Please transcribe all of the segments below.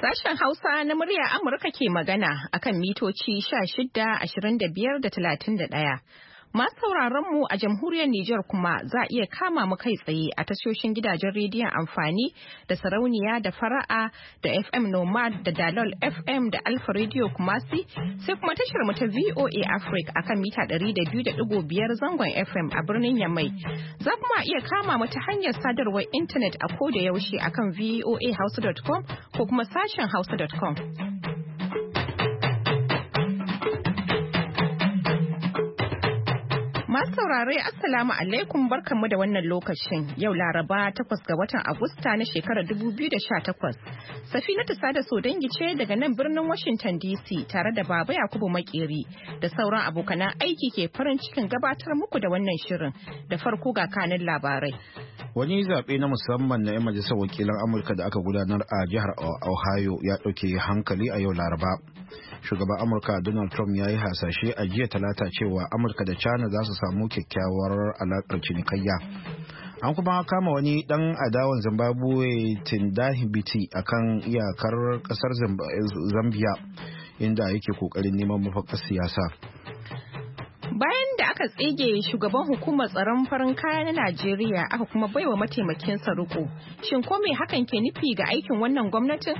Sashen Hausa na murya Amurka ke magana akan mitoci 16, 25 da 31. Masu sauraron mu a jamhuriyar Nijar kuma za iya kama mu kai tsaye a tashoshin gidajen rediyon amfani da sarauniya da fara'a da FM Nomad da Dalol FM da Alfa Radio Kumasi sai kuma tashar mu ta VOA Africa akan mita 200.5 zangon FM a birnin Yamai. Za kuma iya kama mu ta hanyar sadarwar intanet a koda yaushe akan voahausa.com ko kuma sashen hausa.com. Masu saurare Assalamu alaikum barkanmu da wannan lokacin yau Laraba takwas ga watan Agusta na shekarar 2018. ta Sada dangi ce daga nan birnin Washington DC tare da Baba Yakubu Makeri da sauran abokanan aiki ke farin cikin gabatar muku da wannan shirin da farko ga kanin labarai. Wani zaɓe na musamman na 'yan majalisar wakilan Amurka da aka gudanar a jihar Ohio ya ɗauke hankali a yau Laraba. shugaban amurka donald trump ya yi hasashe a jiya talata cewa amurka da china za su samu kyakkyawar alaƙar cinikayya an kuma kama wani dan adawan zimbabwe tindahi a kan iyakar kasar zambia inda yake kokarin neman mafakar siyasa bayan da aka tsige shugaban hukumar tsaron farin kaya na najeriya aka kuma baiwa mataimakinsa riko shin ko me hakan ke nufi ga aikin wannan gwamnatin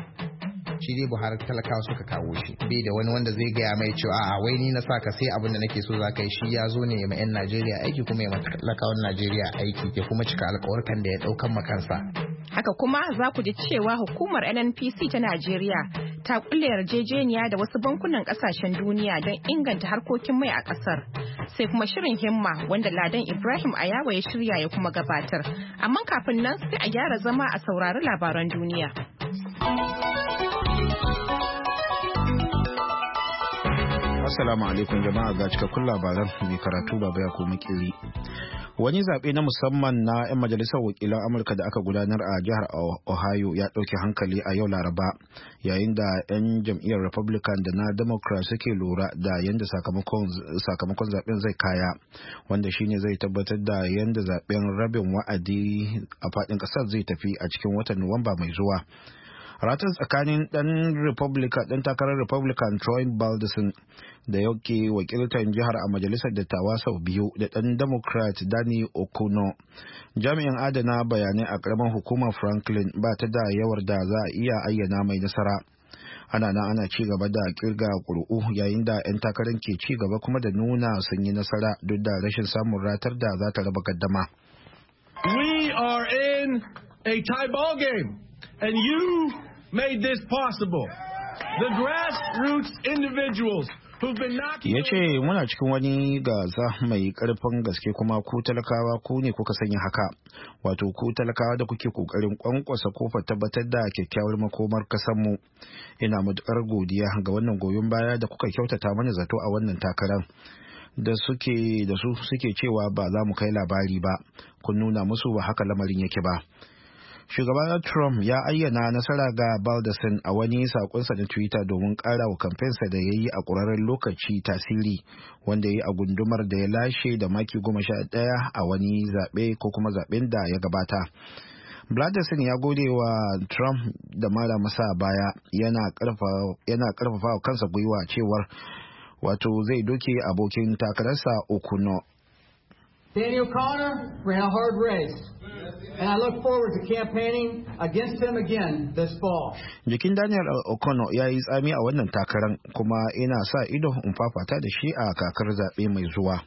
shi dai buhari talakawa suka kawo shi bai da wani wanda zai gaya mai cewa a wai ni na sa ka sai abin da nake so za ka yi shi ya zo ne ma yan najeriya aiki kuma ya talakawan najeriya aiki ya kuma cika alkawarkan da ya daukan makansa haka kuma za ku ji cewa hukumar nnpc ta najeriya ta kulle yarjejeniya da wasu bankunan kasashen duniya don inganta harkokin mai a kasar sai kuma shirin himma wanda ladan ibrahim ayawa ya shirya ya kuma gabatar amma kafin nan sai a gyara zama a saurari labaran duniya Assalamu alaikum jama'a ga cikakkun labaran mai karatu baba ya komi kiri. Wani zaɓe na musamman na 'yan majalisar wakilan Amurka da aka gudanar a jihar Ohio ya ɗauki hankali a yau Laraba yayin da 'yan jam'iyyar Republican da na Democrat suke lura da yadda sakamakon zaɓen zai kaya wanda shine zai tabbatar da yadda zaɓen rabin wa'adi a faɗin ƙasar zai tafi a cikin watan Nuwamba mai zuwa. ratar tsakanin dan takarar republican troy balderson da yauke wakiltar jihar a majalisar dattawa sau biyu da ɗan democrat dani okuno jami'in adana bayanai a ƙaramin hukumar franklin ba ta da yawar da za a iya ayyana mai nasara ana nan ana ci gaba da kirga ƙuri'u yayin da 'yan takarar ke ci gaba kuma da nuna sun yi nasara duk da rashin samun ratar da za ta raba gaddama. We are in a tie ball game and you made this possible. The grassroots individuals ya ce muna cikin wani gasa mai karfin gaske kuma ku talakawa ku ne kuka sanya haka wato ku talakawa da kuke kokarin kwankwasa kofar tabbatar da kyakkyawar makomar kasanmu ina matukar godiya ga wannan goyon baya da kuka kyautata mana zato a wannan takarar da suke da su suke cewa ba za mu kai labari ba kun nuna musu ba haka lamarin yake ba Shugaban Trump ya ayyana nasara ga Baldeson a wani sakonsa na Twitter domin ƙara wa kamfensa da ya yi a ƙurarren lokaci tasiri wanda ya yi a gundumar da ya lashe da maki goma sha ɗaya a wani zaɓe ko kuma zaɓen da ya gabata. Blatterson ya gode wa Trump da mara masa baya yana karfafa kansa gwiwa cewar wato zai doke abokin takararsa Okuno Danny O'Connor ran a hard race. And I look forward to campaigning against him again this fall. Jikin Daniel O'Connor ya yi tsami a wannan takarar kuma ina sa ido in fafata da shi a kakar zaɓe mai zuwa.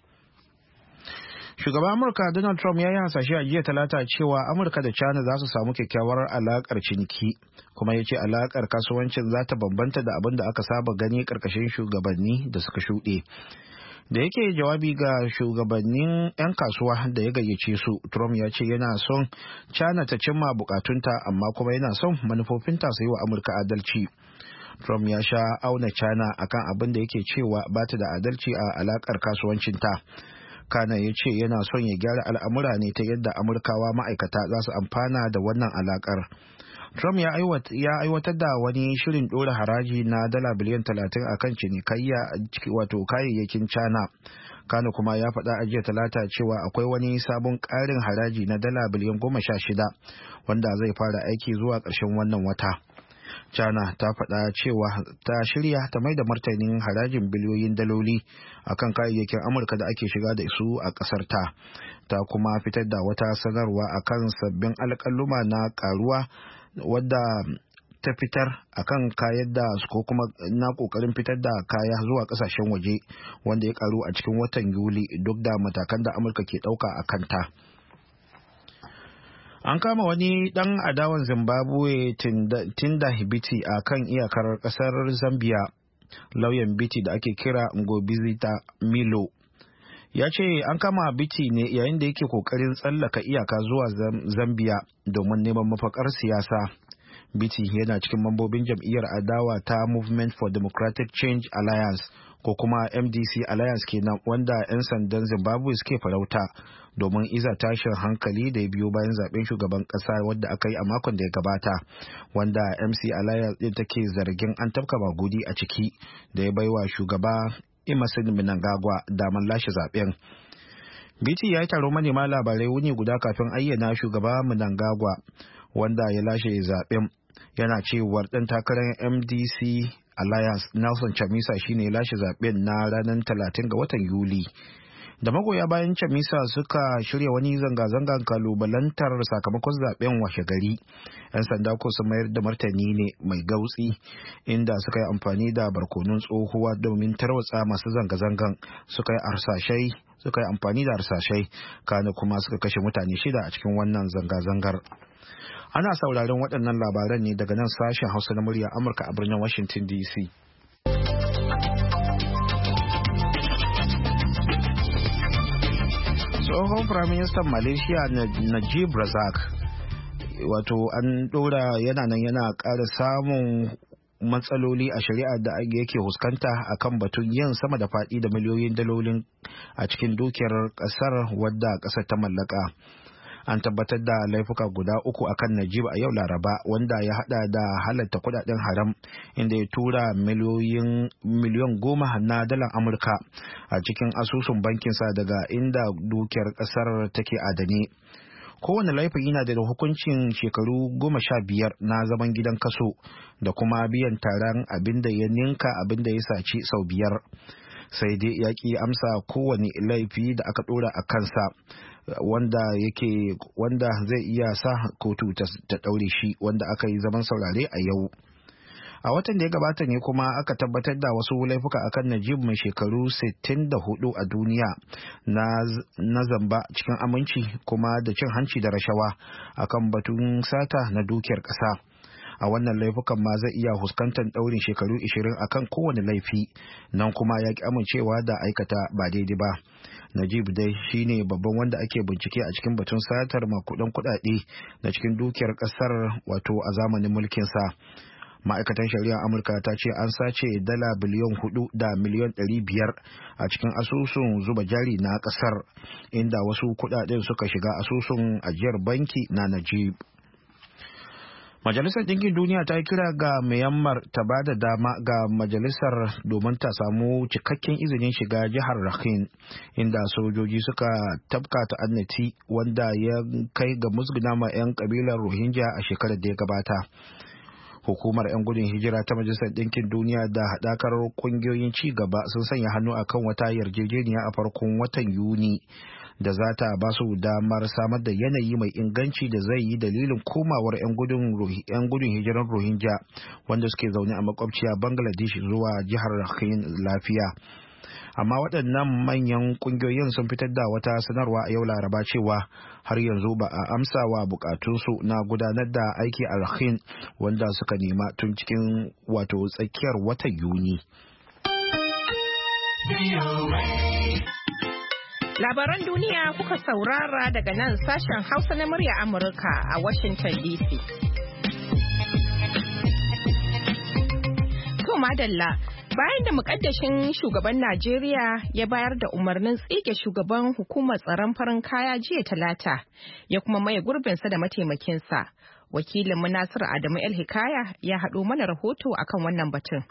Shugaban Amurka Donald Trump ya yi hasashe a jiya talata cewa Amurka da China za su samu kyakkyawar alaƙar ciniki kuma ya ce alaƙar kasuwancin za ta bambanta da abin da aka saba gani ƙarƙashin shugabanni da suka shuɗe. da yake jawabi ga shugabannin 'yan kasuwa da ya gayyace su trump ya ce yana son china ta cimma bukatunta amma kuma yana son manufofinta su yi wa amurka adalci trump ya sha auna china akan abin da yake cewa ba ta da adalci a alakar kasuwancinta kana ya ce yana son ya gyara al'amura ne ta yadda amurkawa ma'aikata za su amfana da wannan alakar Trump ya aiwatar da wani shirin ɗora haraji na dala biliyan talatin a kan cinikayya wato kayayyakin China. Kano kuma ya faɗa a jiya talata cewa akwai wani sabon ƙarin haraji na dala biliyan goma sha shida, wanda zai fara aiki zuwa ƙarshen wannan wata. China ta faɗa cewa ta shirya ta mai da martanin harajin biliyoyin daloli a kan kayayyakin Amurka da ake shiga da su a ƙasar ta. Ta kuma fitar da wata sanarwa a kan sabbin alƙaluma na ƙaruwa wadda ta fitar a kan kayan da ko kuma na kokarin fitar da kaya zuwa kasashen waje wanda ya karu a cikin watan yuli duk da matakan da amurka ke dauka a kanta an kama wani dan adawan zimbabwe tinda hibiti a kan iyakar kasar zambia lauyan biti da ake kira ngobizita milo ya ce an kama biti ne yayin da yake kokarin tsallaka iyaka zuwa zambia domin neman mafakar siyasa biti yana cikin mambobin jam'iyyar adawa ta movement for democratic change alliance ko kuma mdc alliance kenan wanda 'yan sandan zimbabwe suke farauta domin iza tashin hankali da ya biyo bayan zaben shugaban kasa wadda aka yi a makon da ya gabata wanda mc alliance ɗin take zargin an tafka magudi a ciki da ya baiwa shugaba emerson minangagwa damar lashe zaben biti ya yi taron manema labarai wuni guda kafin ayyana shugaba minangagwa wanda ya lashe zaben yana cewar ɗan takarar mdc alliance nelson chamisa shine lashe zaben na ranar 30 ga watan yuli da magoya bayan camisa suka shirya wani zanga-zangar kalubalantar sakamakon zaben washe gari yan sanda ko su mayar da martani ne mai gautsi inda suka yi amfani da barkonun tsohuwa domin tarwatsa masu zanga-zangan suka yi arsashai suka yi amfani da harsashai kana kuma suka kashe mutane shida a cikin wannan zanga-zangar ana sauraron waɗannan labaran ne daga nan sashen hausa na murya amurka a birnin washington dc tsohon firaministan malaysia najib razak wato an dora yana nan yana ƙara samun matsaloli a shari'ar da yake huskanta a kan batun yin sama da faɗi da miliyoyin dalolin a cikin dukiyar ƙasar wadda ƙasar ta mallaka an tabbatar da laifuka guda uku akan najib a yau laraba wanda ya hada da halatta kudaden haram inda ya tura miliyan goma na dalar amurka a cikin asusun bankinsa daga inda dukiyar kasar take adane kowane laifin yana da hukuncin shekaru goma sha biyar na zaman gidan kaso da kuma biyan taron abin da ya ninka abin da ya saci sau biyar sai dai ya ki amsa kowane laifi da aka ɗora a kansa wanda yake wanda zai iya sa kotu ta daure shi wanda aka yi zaman saurare a yau a watan da ya gabata ne kuma aka tabbatar da wasu laifuka akan najib mai shekaru 64 a duniya na zamba cikin aminci kuma da cin hanci da rashawa akan batun sata na dukiyar ƙasa. a wannan laifukan ma zai iya fuskantar ɗaurin shekaru 20 akan kowane laifi nan kuma ya ki amincewa da aikata ba daidai ba najib dai shine babban wanda ake bincike a cikin batun satar makudan kuɗaɗe na cikin dukiyar ƙasar wato a zamanin mulkin sa. ma'aikatan shari'a amurka ta ce an sace dala biliyon hudu da miliyan ɗari biyar a cikin asusun zuba jari na ƙasar inda wasu kuɗaɗen suka shiga asusun ajiyar banki na najib Majalisar Ɗinkin Duniya ta yi kira ga Myanmar ta ba da dama ga majalisar domin ta samu cikakken izinin shiga jihar Rakhine inda sojoji suka tabka ta'annati wanda ya kai ga musguna ma 'yan kabilar Rohingya a shekarar da ya gabata. Hukumar 'yan gudun hijira ta Majalisar Ɗinkin Duniya da haɗakar ƙungiyoyin ci gaba sun sanya hannu akan wata yarjejeniya a farkon watan Yuni da za ta ba su damar samar da yanayi mai inganci da zai yi dalilin komawar 'yan gudun hijiran rohingya wanda suke zaune a makwabciya bangladesh zuwa jihar rakhine lafiya amma waɗannan manyan ƙungiyoyin sun fitar da wata sanarwa a yau laraba cewa har yanzu ba a amsa wa bukatunsu na gudanar da aiki a rakhine wanda suka nema tun cikin wato tsakiyar watan yuni. Labaran duniya kuka saurara daga nan sashen Hausa na murya Amurka a Washington DC. To madalla bayan da mukaddashin shugaban Najeriya ya bayar da umarnin tsige shugaban hukumar tsaron farin kaya jiya talata ya kuma maye gurbinsa da mataimakinsa. Wakilin Nasiru Adamu El Hikaya ya haɗo mana rahoto akan wannan batun.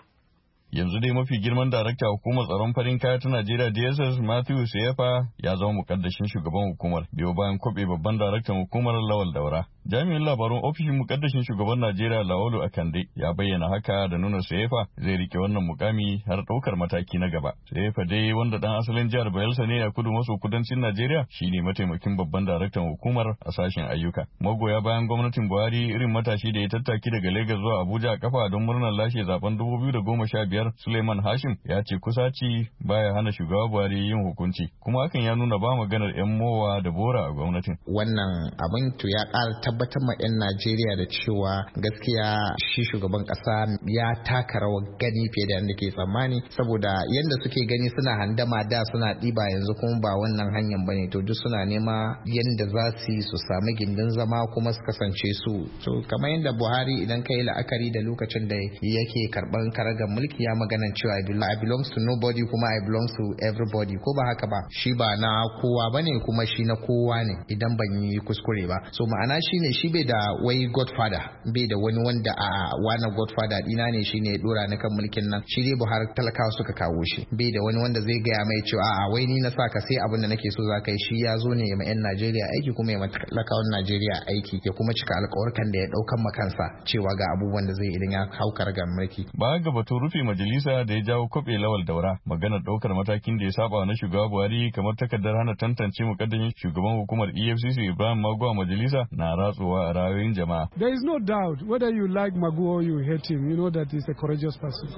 yanzu dai mafi girman darakta hukumar tsaron farin kaya ta Najeriya DSS Matthew Sefa ya zama mukaddashin shugaban hukumar biyo bayan kwabe babban daraktan hukumar Lawal Daura. Jami'in labarun ofishin mukaddashin shugaban Najeriya Lawalu Akande ya bayyana haka da nuna Sefa zai rike wannan mukami har ɗaukar mataki na gaba. Sefa dai wanda dan asalin jihar Bayelsa ne a kudu maso kudancin Najeriya shine mataimakin babban daraktan hukumar a sashen ayyuka. Magoya bayan gwamnatin Buhari irin matashi da ya tattaki daga Lagos zuwa Abuja a kafa don murnar lashe zaben 2015 biyar Suleiman Hashim ya ce kusa kusaci baya hana shugaba Buhari yin hukunci kuma hakan ya nuna ba maganar 'yan mowa da bora a gwamnatin. Wannan abin to ya ƙara tabbatar ma 'yan Najeriya da cewa gaskiya shi shugaban ƙasa ya taka rawar gani fiye da yadda ke tsammani saboda yadda suke gani suna handama da suna ɗiba yanzu kuma ba wannan hanyar bane to duk suna nema yadda za su su sami gindin zama kuma su kasance su. To kamar yadda Buhari idan ka yi la'akari da lokacin da yake karɓar karagar mulki ya maganan cewa I belong to nobody kuma I belong to everybody ko ba haka ba shi ba na kowa bane kuma shi na kowa ne idan ban yi kuskure ba so ma'ana shine shi bai da wai godfather bai da wani wanda a wani godfather dina ne shine ya dora na kan mulkin nan shi dai Buhari talakawa suka kawo shi bai da wani wanda zai gaya mai cewa a wai ni na sa ka sai abin da nake so za ka yi shi ya zo ne ya ma 'yan Najeriya aiki kuma ya ma talakawan Najeriya aiki ya kuma cika alkawarkan da ya ɗaukan makansa cewa ga abubuwan da zai idan ya hau kargar mulki ba ga batun rufe majalisa da ya jawo kwabe lawal daura maganar ɗaukar matakin da ya saba na shugaba buhari kamar takardar hana tantance mukaddamin shugaban hukumar efcc ibrahim magu a majalisa na ratsuwa a ra'ayoyin jama'a there is no doubt whether you like magu or you hate him you know that is a courageous person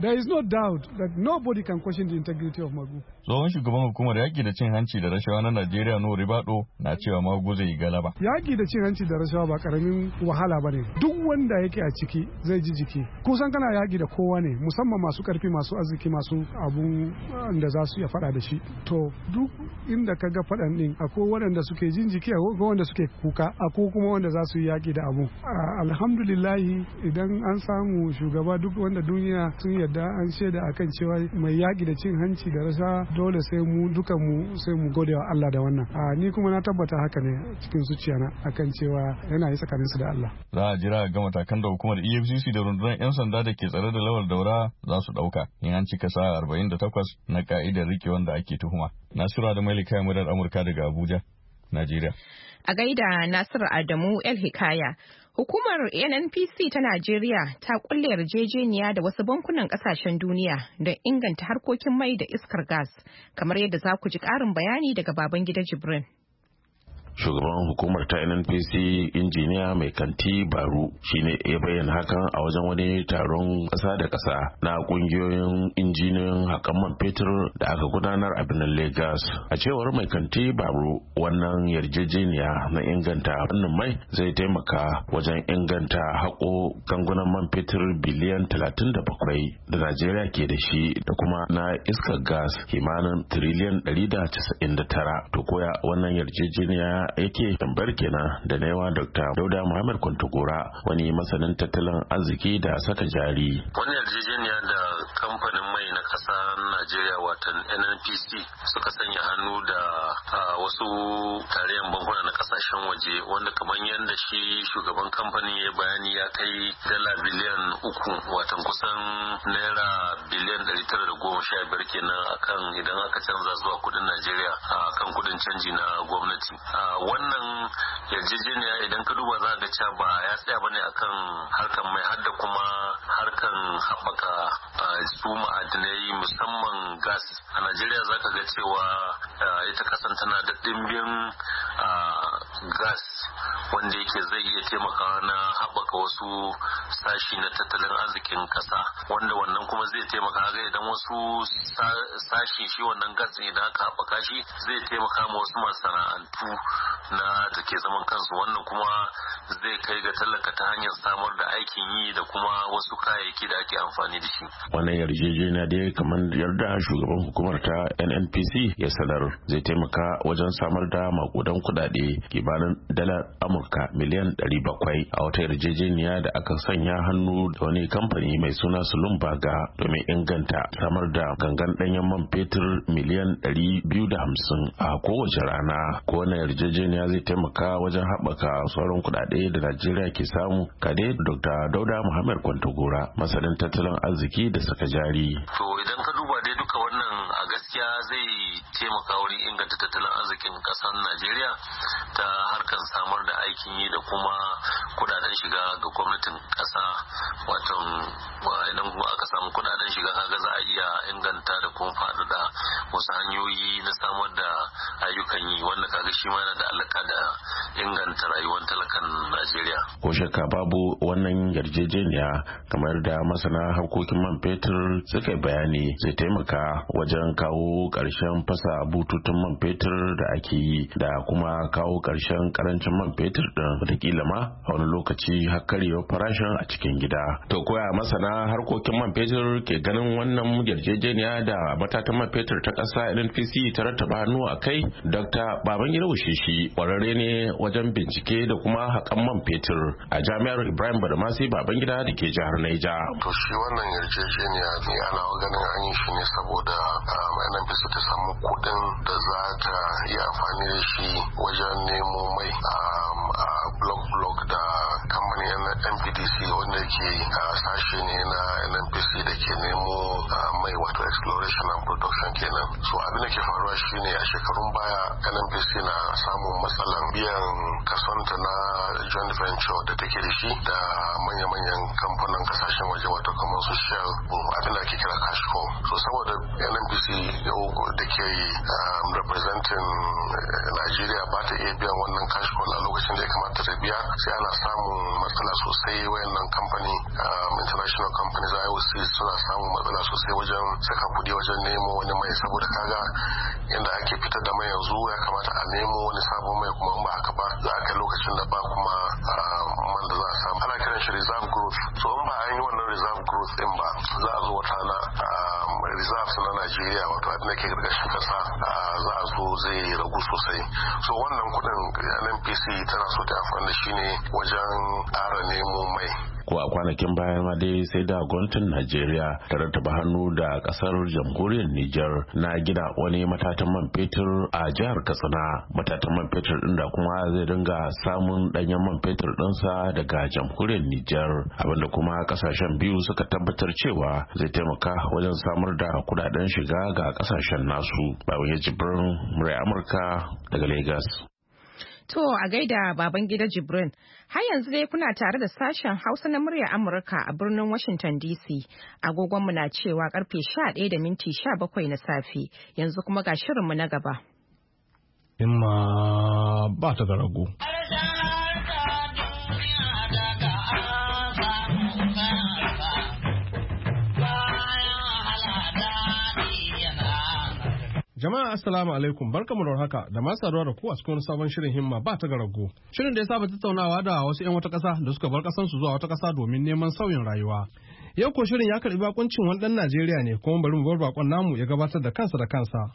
there is no doubt that nobody can question the integrity of magu tsohon shugaban hukumar yaƙi da cin hanci da rashawa na najeriya no ribado na cewa magu zai yi galaba yaƙi da cin hanci da rashawa ba ƙaramin wahala ba ne duk wanda yake a ciki zai ji jiki kusan kana yaƙi da kowa ne musamman masu ƙarfi masu arziki masu abu ah, da za su iya faɗa da shi to duk inda ka ga faɗan ɗin akwai waɗanda suke jin jiki akwai wanda suke kuka akwai kuma wanda za su yi yaƙi da abu ah, alhamdulillahi idan an samu shugaba duk wanda duniya sun yarda an shaida akan cewa mai yaƙi da cin hanci da rashawa dole sai mu duka mu sai mu gode wa Allah da wannan a ni kuma na tabbata haka ne cikin zuciyana akan cewa yana yi tsakanin su da Allah za a jira ga matakan da hukumar EFCC da rundunar yan sanda da ke tsare da lawar daura za su dauka in an cika sa 48 na ka'idar rike wanda ake tuhuma Nasiru da likayen Murar Amurka daga Abuja Najeriya a gaida Nasiru Adamu El Hikaya Hukumar NNPC ta Najeriya ta kulle yarjejeniya da wasu bankunan kasashen duniya don inganta harkokin mai da iskar gas, kamar yadda za ku ji ƙarin bayani daga baban gida Jibrin. shugaban hukumar ta nnpc injiniya mai kanti baru shine ya bayyana hakan a wajen wani taron ƙasa da ƙasa na ƙungiyoyin injiniyoyin hakan man fetur da aka gudanar a birnin lagos a cewar mai kanti baru wannan yarjejeniya na inganta wannan mai zai taimaka wajen inganta haƙo gangunan man fetur biliyan 37 da najeriya ke da shi da kuma na iskar gas kimanin triliyan 199 to koya wannan yarjejeniya yake tambar kenan da naiwa Dr. Dauda Muhammad kuntugura wani masanin tattalin arziki da saka jari. Wani yarjejeniya da kamfanin mai na kasa Najeriya watan NNPC suka sanya hannu da wasu tarayyan bankuna na kasashen waje wanda kamar yadda shi shugaban kamfanin ya bayani ya kai dala biliyan uku watan kusan naira biliyan ɗari tara da goma sha biyar kenan akan idan aka canza zuwa kudin Najeriya a kan kudin canji na gwamnati. Wannan yarjejeniya idan ka duba za ga cewa ba ya tsaya ba bane akan harkan mai hadda kuma harkan haɓaka su ma'adinai musamman gas a najeriya zaka ga cewa eh, ita kasan tana da dimbin eh, gas wanda yake zai iya taimakawa na haɓaka wasu sashi na tattalin arzikin kasa wanda wannan kuma zai taimaka ga idan wasu sashi shi wannan gas idan aka haɓaka shi zai taimaka ma wasu masana'antu na da ke zaman kansu wannan kuma zai kai ga tallaka ta hanyar samar da aikin yi da kuma wasu kayayyaki da ake amfani da shi wannan yarjejeniya dai kamar da shugaban hukumar ta nnpc ya sanar zai taimaka wajen samar da makudan kudade kimanin dalar amurka miliyan 700 a wata yarjejeniya da aka sanya hannu da wani kamfani mai suna ga domin inganta samar da gangan danyen man fetur miliyan 250 a kowace rana ko kowane yarjejeniya zai taimaka wajen haɓaka sauran kudade da najeriya ke samu kade dr dauda muhammad kwantagora masanin tattalin arziki da saka jari duka wannan a gaskiya zai taimaka wurin inganta tattalin arzikin kasar najeriya ta harkar samar da aikin yi da kuma kudaden shiga ga gwamnatin ƙasa wato idan aka samu kudaden shiga kaga za a iya inganta da kuma faɗaɗa wasu hanyoyi na samar da ayyukan yi wanda kaga shi ma yana da alaka da inganta rayuwar talakan najeriya ko shakka babu wannan yarjejeniya kamar da masana harkokin man fetur suka bayani zai taimaka wajen kawo ƙarshen fasa fasa bututun man fetur da ake yi da kuma kawo ƙarshen karancin man fetur da wataƙila ma a wani lokaci har karyewar farashin a cikin gida to koya masana harkokin man fetur ke ganin wannan yarjejeniya da matatan man fetur ta ƙasa NPC ta rattaba hannu a kai Dr. Babangida Wushishi ƙwararre ne wajen bincike da kuma haƙan man fetur a jami'ar Ibrahim Badamasi Babangida da ke jihar Naija. To shi wannan yarjejeniya ne ana ganin an yi shi ne saboda NPC ta samu kuɗin da za ta yi amfani da shi wajen nemo mai um, a blok-blok da kamfanin npdc wanda ke sashe ne na nnpc da ke nemo mai wato exploration and production kenan so abin da ke faruwa shine a shekarun baya nnpc na samun matsalan biyan kasonta na joint venture da take da shi da manya-manyan kamfanin kasashen waje wato kamar su shell um, abin da ake kira cashco so saboda nnpc yau da ke um, representing eh, nigeria ba ta iya biyan wannan cashco a lokacin da ya kamata ta biya sai ana samun matsala sosai wayannan kamfani um, international companies ioc suna samun matsala sosai wajen saka kudi wajen nemo wani mai saboda kaga yadda ake fitar da mai yanzu ya kamata a nemo wani sabon mai kuma ba haka ba za a kai lokacin da ba kuma shi reserve growth so in ba an yi wannan reserve growth din ba za a zo wata na um, reserves na Najeriya wato abin da ke gargashin kasa uh, za a zo zai ragu sosai so wannan kudin NNPC tana so ta amfani da shi ne wajen ƙara nemo mai ko a kwanakin baya ma dai sai da gwamnatin najeriya ta rattaba hannu da kasar jamhuriyar niger na gina wani matatan man fetur a jihar katsina matatan man fetur din da kuma zai dinga samun danyen man fetur dinsa daga jamhuriyar niger abinda kuma kasashen biyu suka tabbatar cewa zai taimaka wajen samar da kudaden shiga ga kasashen nasu babban ya jibrin murai amurka daga lagos To a gaida baban gida Jibrin, har yanzu dai kuna tare da sashen Hausa na murya Amurka a birnin Washington DC. Agogonmu na cewa karfe 11 da minti 17 na safe, yanzu kuma ga shirinmu na gaba. Imma ba ta da rago. Jama'a assalamu alaikum barkamu da haka da masu saduwa da ku a cikin sabon shirin himma ba ta garago. Shirin da ya saba tattaunawa da wasu 'yan wata ƙasa da suka bar su zuwa wata ƙasa domin neman sauyin rayuwa. Yau ko shirin ya karbi bakuncin wani ɗan Najeriya ne kuma bari mu bar bakon namu ya gabatar da kansa da kansa.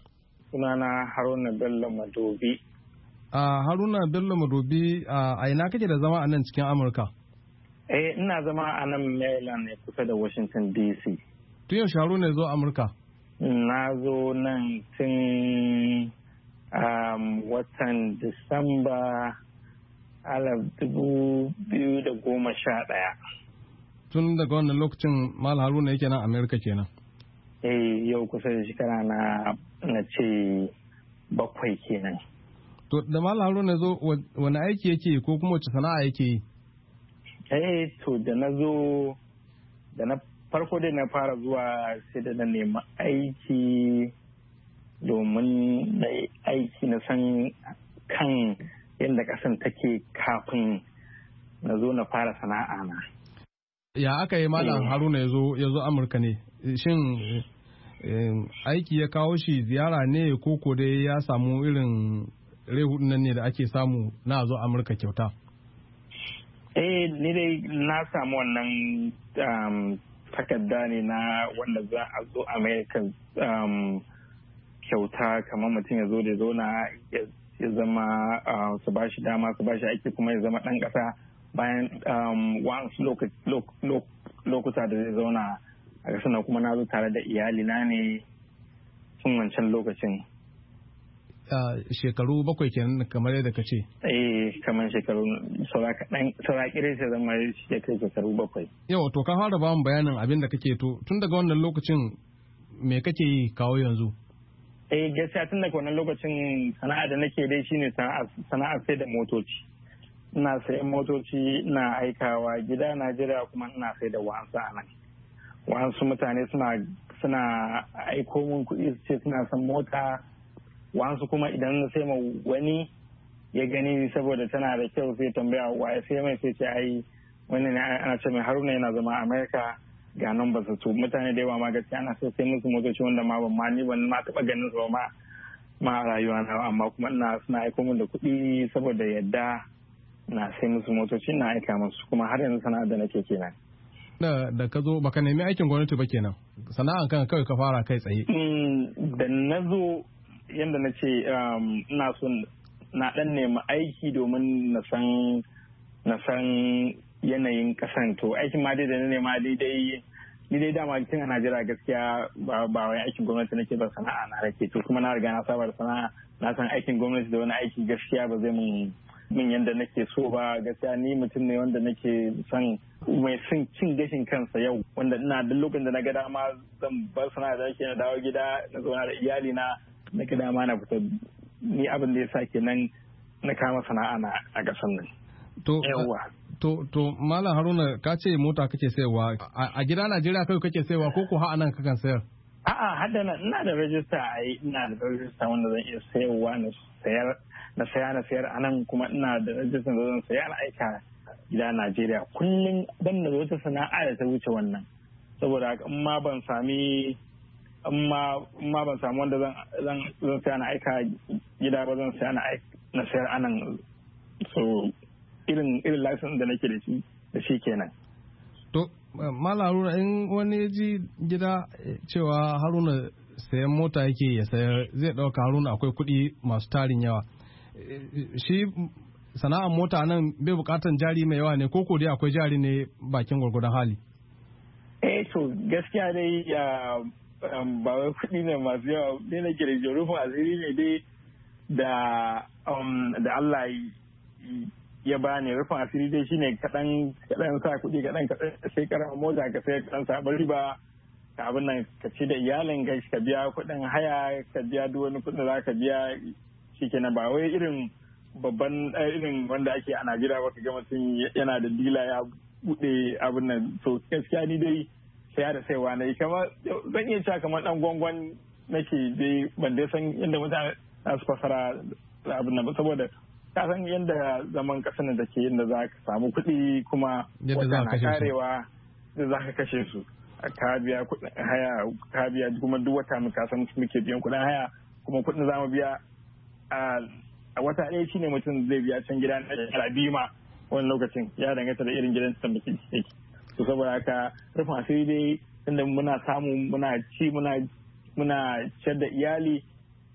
Sunana Haruna Bello Madobi. A Haruna Bello Madobi a ina kake da zama a nan cikin Amurka? Eh ina zama a nan Maryland ne kusa da Washington DC. Tun yaushe Haruna ya zo Amurka? na zo nan tun um, watan disamba alaf dubu biyu da goma sha ɗaya tun daga wannan lokacin mal haruna yake nan amerika kenan eh yau kusa da shekara na na ce bakwai kenan to da mal haruna zo wani aiki yake ko kuma wace sana'a yake yi eh to da na zo da na farko dai na fara zuwa sai da na nema aiki domin na aiki na san kan yadda kasan take kafin na zo na fara sana'a na. Ya aka yi malam eh. Haruna ya zo Amurka ne, shin eh, aiki ya kawo shi ziyara ne ko ko dai ya samu irin rehu nan ne da ake samu na zo Amurka kyauta? Eh, ni dai na samu wannan um, takarda ne na wanda za a zo america um, kyauta kamar mutum ya zo da zauna ya zama uh, su ba shi dama su ba shi aiki kuma ya zama ɗan ƙasa bayan um, wa'ansu lokuta da zai zauna a ƙasar kuma na zo tare da iyalina ne sun wancan lokacin shekaru bakwai kenan kamar yadda ka ce. Eh kamar shekaru saura kirin sai zama ya kai shekaru bakwai. Yau to ka fara mu bayanin abin da kake to tun daga wannan lokacin me kake yi kawo yanzu? Eh gaskiya tun daga wannan lokacin sana'a da nake dai shine sana'a sai da motoci. Ina sayan motoci ina aikawa gida Najeriya kuma ina sai da wasa a nan. Wasu mutane suna suna aiko min kuɗi su ce suna son mota Wansu kuma idan sai ma wani ya gani saboda tana da kyau sai tambaya wa ya sai mai sai ce ai wani ne ana ce mai haruna yana zama amerika ga nan ba su mutane da yawa ma gaskiya ana so sai musu motoci wanda ma ban ma ni ban ma taba ganin su ma ma rayuwa na amma kuma ina suna aiko min da kuɗi saboda yadda na sai musu motoci na aika musu kuma har yanzu sana'a da nake kenan da da ka zo baka nemi aikin gwamnati ba kenan sana'an kan kawai ka fara kai tsaye mm, da na zo yadda na ce um, na son na dan nemi aiki domin na san na san yanayin kasan to aikin ma dai da na nema daidai ni dai dama tun a Najeriya gaskiya ba wai aikin gwamnati nake ba sana'a na rake to kuma na riga na saba da sana'a na san aikin gwamnati da wani aiki gaskiya ba zai mun min yanda nake so ba gaskiya ni mutum ne wanda nake san mai son cin gashin kansa yau wanda ina duk lokacin da na ga dama zan bar sana'a da ake na dawo gida na zauna da iyali na na ga dama na fita ni abin da ya sa nan na kama sana'a na a ƙasar nan to to to malam haruna ka ce mota kake sayarwa a gida najeriya kai kake sayarwa ko ko ha anan kakan sayar a'a hada na ina da rajista a yi ina da rajista wanda zan iya sayarwa na sayar na saya na sayar anan kuma ina da rajista da zan saya na aika gida najeriya kullum ban da wata sana'a da ta wuce wannan saboda in ma ban sami ma ban samu wanda zan saya na aika gida ba zan saya na sayar anan so irin irin da nake da shi da shi kenan to malarura in wani ji gida eh, cewa haruna sayan mota yake ya sayar zai ɗauka haruna akwai kuɗi masu tarin yawa eh, shi sana'ar mota nan bai bukatan jari mai yawa ne ko ko akwai jari ne bakin gwargwadon hali eh to gaskiya dai ah, ba wai kuɗi ne masu yawa ne na rufin asiri ne dai da Allah ya bani rufin asiri dai shine kadan kaɗan sa kuɗi kaɗan kaɗan sai karama mota ka sai kaɗan sabon riba ka abin nan ka ci da iyalin ka ka biya kuɗin haya ka biya duk wani kuɗin za ka biya shikenan ba wai irin babban eh, irin wanda ake a Najeriya ba ka ga yana da dila ya buɗe abin nan to gaskiya ni dai saya da saiwa na yi kamar zan iya cewa kamar dan gwangwan nake je ban dai san yadda mutane za su fasara abin nan saboda ka san yadda zaman kasar da ke yadda za ka samu kuɗi kuma wata na karewa da za ka kashe su ka biya kuɗin haya ka biya kuma duk wata mu san muke biyan kuɗin haya kuma kuɗin za mu biya a wata ɗaya shine mutum zai biya can gida na biyu ma wani lokacin ya danganta da irin gidan da mutum yake to saboda haka rufin asiri dai inda muna samu muna ci muna muna ciyar da iyali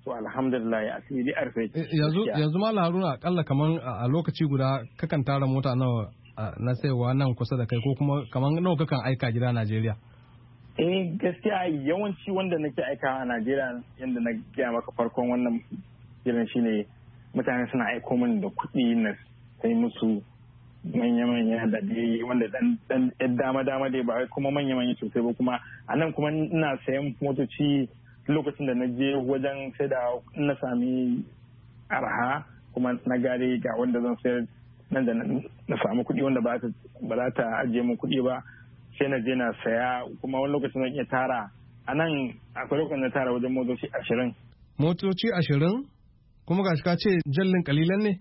to alhamdulillah ya asiri dai arfe eh, yanzu yanzu ma haruna akalla kaman a lokaci guda kakan tara mota nawa na saiwa nan kusa da kai ko kuma kaman nawa kakan aika gida Najeriya eh gaskiya yawanci wanda nake aika a Najeriya yanda na gaya maka farkon wannan gidan shine mutane suna aiko min da kuɗi na sai musu manya-manya da dai wanda dan dan dama-dama dai ba kuma manya-manya sosai ba kuma a nan kuma ina sayan motoci lokacin da na je wajen sai da na sami arha kuma na gare ga wanda zan sayar nan da na samu kuɗi wanda ba za ta ajiye mu kuɗi ba sai na je na saya kuma wani lokacin na iya tara a nan akwai lokacin na tara wajen motoci ashirin. Motoci ashirin? Kuma gashi ka ce jallin kalilan ne?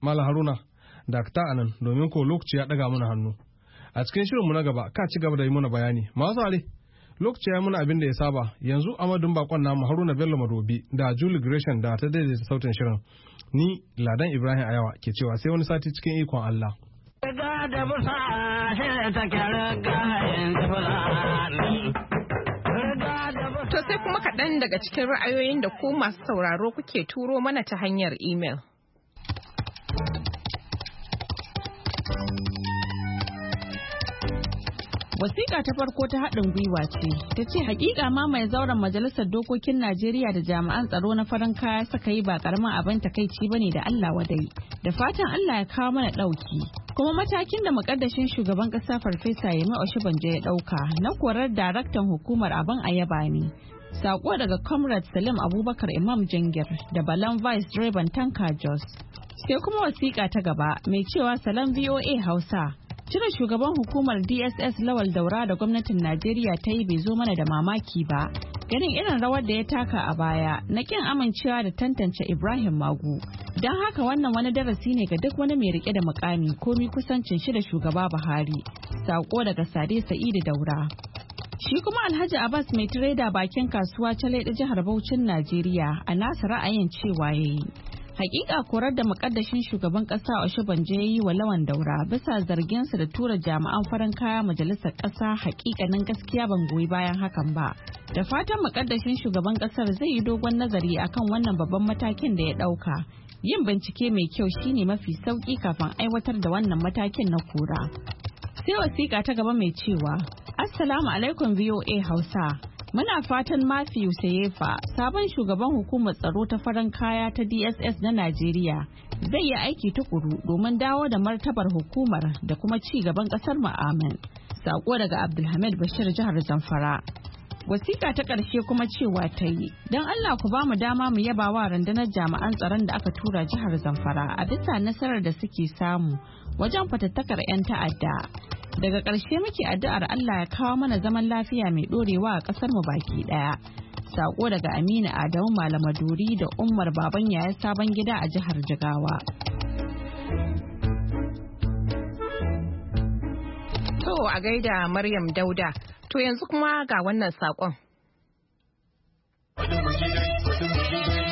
Mala Haruna. dakta anan domin ko lokaci ya ɗaga mana hannu. A cikin shirin muna gaba ka ci gaba da yi mana bayani. Masu hali, lokaci ya muna abin da ya saba yanzu amadun bakon namu Haruna Bello Madobi da Julie Gresham da ta daidaita sautin shirin. Ni Ladan Ibrahim Ayawa ke cewa sai wani sati cikin ikon Allah. To sai kuma kaɗan daga cikin ra'ayoyin da ku masu sauraro kuke turo mana ta hanyar imel. Wasiƙa ta farko ta haɗin gwiwa ce, ta ce hakika ma mai zauren majalisar dokokin Najeriya da jami'an tsaro na farin kaya suka yi ba karamin abin takaici ba ne da Allah wadai. Da fatan Allah ya kawo mana ɗauki. Kuma matakin da makaddashin shugaban ƙasa Farfesa ya Yemi Oshibanje ya ɗauka na korar daraktan hukumar abin ayaba ne. Saƙo daga Comrade Salim Abubakar Imam Jangir da Balan Vice Direban Tanka Jos. Sai kuma wasiƙa ta gaba mai cewa Salam VOA Hausa. Cire shugaban hukumar DSS Lawal Daura da gwamnatin Najeriya ta yi bai zo mana da mamaki ba. Ganin irin rawar da ya taka a baya na kin amincewa da tantance Ibrahim Magu. Don haka wannan wani darasi ne ga duk wani mai rike da mukami komi kusancin shi da shugaba Buhari. Sako daga Sade Sa'idu Daura. Shi kuma Alhaji Abbas mai tireda bakin kasuwa ta laifin jihar Bauchin Najeriya a nasa ra'ayin cewa ya yi. Hakika korar da mukaddashin shugaban kasa Oshibanjo ya yi wa lawan daura bisa zarginsa da tura jami'an farin kaya majalisar kasa hakikanin gaskiya ban goyi bayan hakan ba. Da fatan mukaddashin shugaban kasar zai yi dogon nazari akan wannan babban matakin da ya dauka. Yin bincike mai kyau shine mafi sauki kafin aiwatar da wannan matakin na kura Sai wasiƙa ta gaba mai cewa, Assalamu alaikum VOA Hausa. Muna fatan Matthew Sayefa, sabon shugaban hukumar tsaro ta farin kaya ta DSS na Najeriya, zai yi aiki tukuru domin dawo da martabar hukumar da kuma ci gaban kasar mu Sako daga Abdulhamid Bashir jihar Zamfara. Wasiƙa ta ƙarshe kuma cewa ta yi, don Allah ku ba mu dama mu yaba wa rundunar jami'an tsaron da aka tura jihar Zamfara a bisa nasarar da suke samu wajen fatattakar 'yan ta'adda. Daga ƙarshe muke addu'ar Allah ya kawo mana zaman lafiya mai ɗorewa a ƙasar mu baki ɗaya. Sako daga Aminu Adamu Malamaduri da Umar Baban Yaya Sabon Gida a jihar Jigawa. To a gaida Maryam Dauda, to yanzu kuma ga wannan saƙon.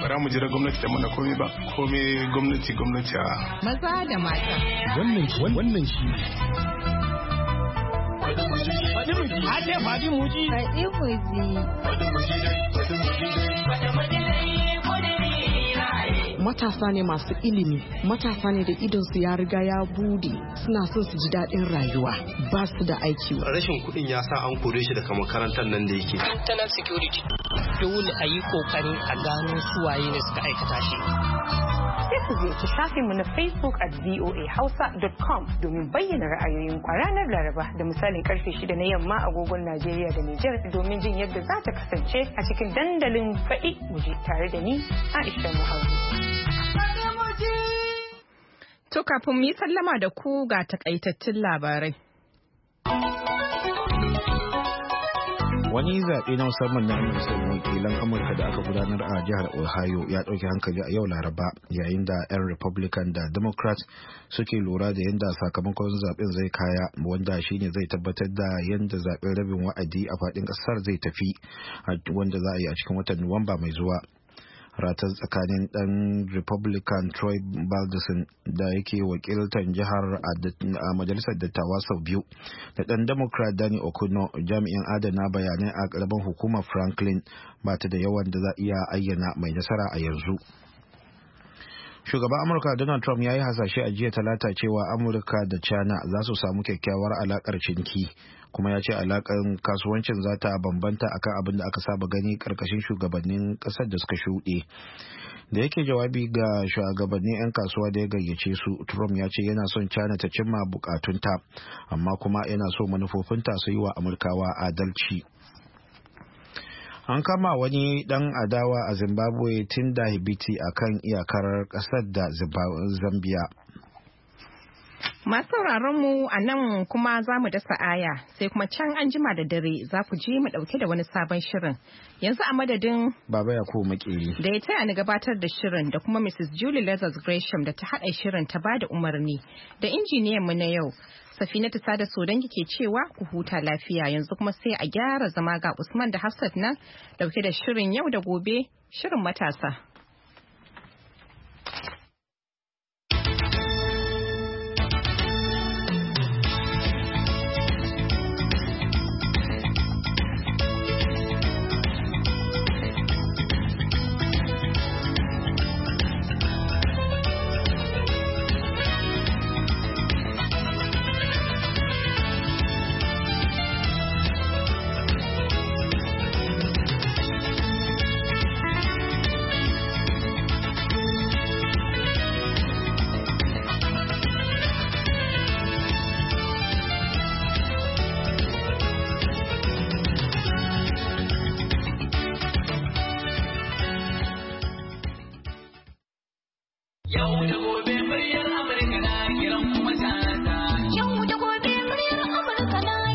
bara mu jira gwamnati da mana komai ba komai gwamnati gwamnati a maza da mata wannan wannan shi Ake faɗi muji. Faɗi muji. Faɗi muji. Faɗi muji. Faɗi muji. matasa ne masu ilimi matasa ne da idon su ya riga ya bude suna son su ji daɗin rayuwa ba su da aiki rashin kuɗin ya sa an kore shi daga makarantar nan da yake internal security dole a yi kokari a gano suwaye ne suka aikata shi sai ku ziyarci mu na facebook at voahausa.com domin bayyana ra'ayoyin a laraba da misalin karfe 6 na yamma agogon najeriya da nijar domin jin yadda za ta kasance a cikin dandalin faɗi muje tare da ni aisha muhammadu To kafin mu yi sallama da ku ga takaitaccen labarai. Wani zaɓe na musamman na Amurka wakilan Amurka da aka gudanar a jihar Ohio ya ɗauki hankali a yau Laraba yayin da 'yan Republican da Democrat suke lura da yadda sakamakon zaɓen zai kaya wanda shine zai tabbatar da yadda zaɓen rabin wa'adi a faɗin ƙasar zai tafi wanda za a yi a cikin watan Nuwamba mai zuwa. ratar tsakanin ɗan republican troy balderson da yake wakiltar jihar a majalisar dattawa sau biyu da ɗan democrat danny okuno jami'in adana bayanai a ƙaramin hukumar franklin ba ta da yawan da za iya ayyana mai nasara a yanzu. shugaban amurka donald trump ya yi hasashe a jiya talata cewa amurka da china za su samu kyakkyawar alakar cinki kuma ya ce alakar kasuwancin za ta bambanta akan abin da aka saba gani karkashin shugabannin kasar da suka shuɗe da yake jawabi ga shugabannin 'yan kasuwa da ya gayyace su trump ya ce yana son china ta cimma bukatunta amma kuma yana so manufofinta su yi wa amurkawa adalci an kama wani dan adawa a zimbabwe tun da hibiti a kan iyakar kasar da zambia Masu sauraron mu a nan kuma za mu dasa aya sai kuma can an jima da dare za ku je mu ɗauke da wani sabon shirin. Yanzu a madadin Baba ya ko Makeri. Da ya taya ni gabatar da shirin da kuma Mrs. Julie Lazarus Gresham da ta haɗa shirin ta ba da umarni da injiniyan mu na yau. Safina ta sada sodan ke cewa ku huta lafiya yanzu kuma sai a gyara zama ga Usman da Hafsat nan ɗauke da shirin yau da gobe shirin matasa.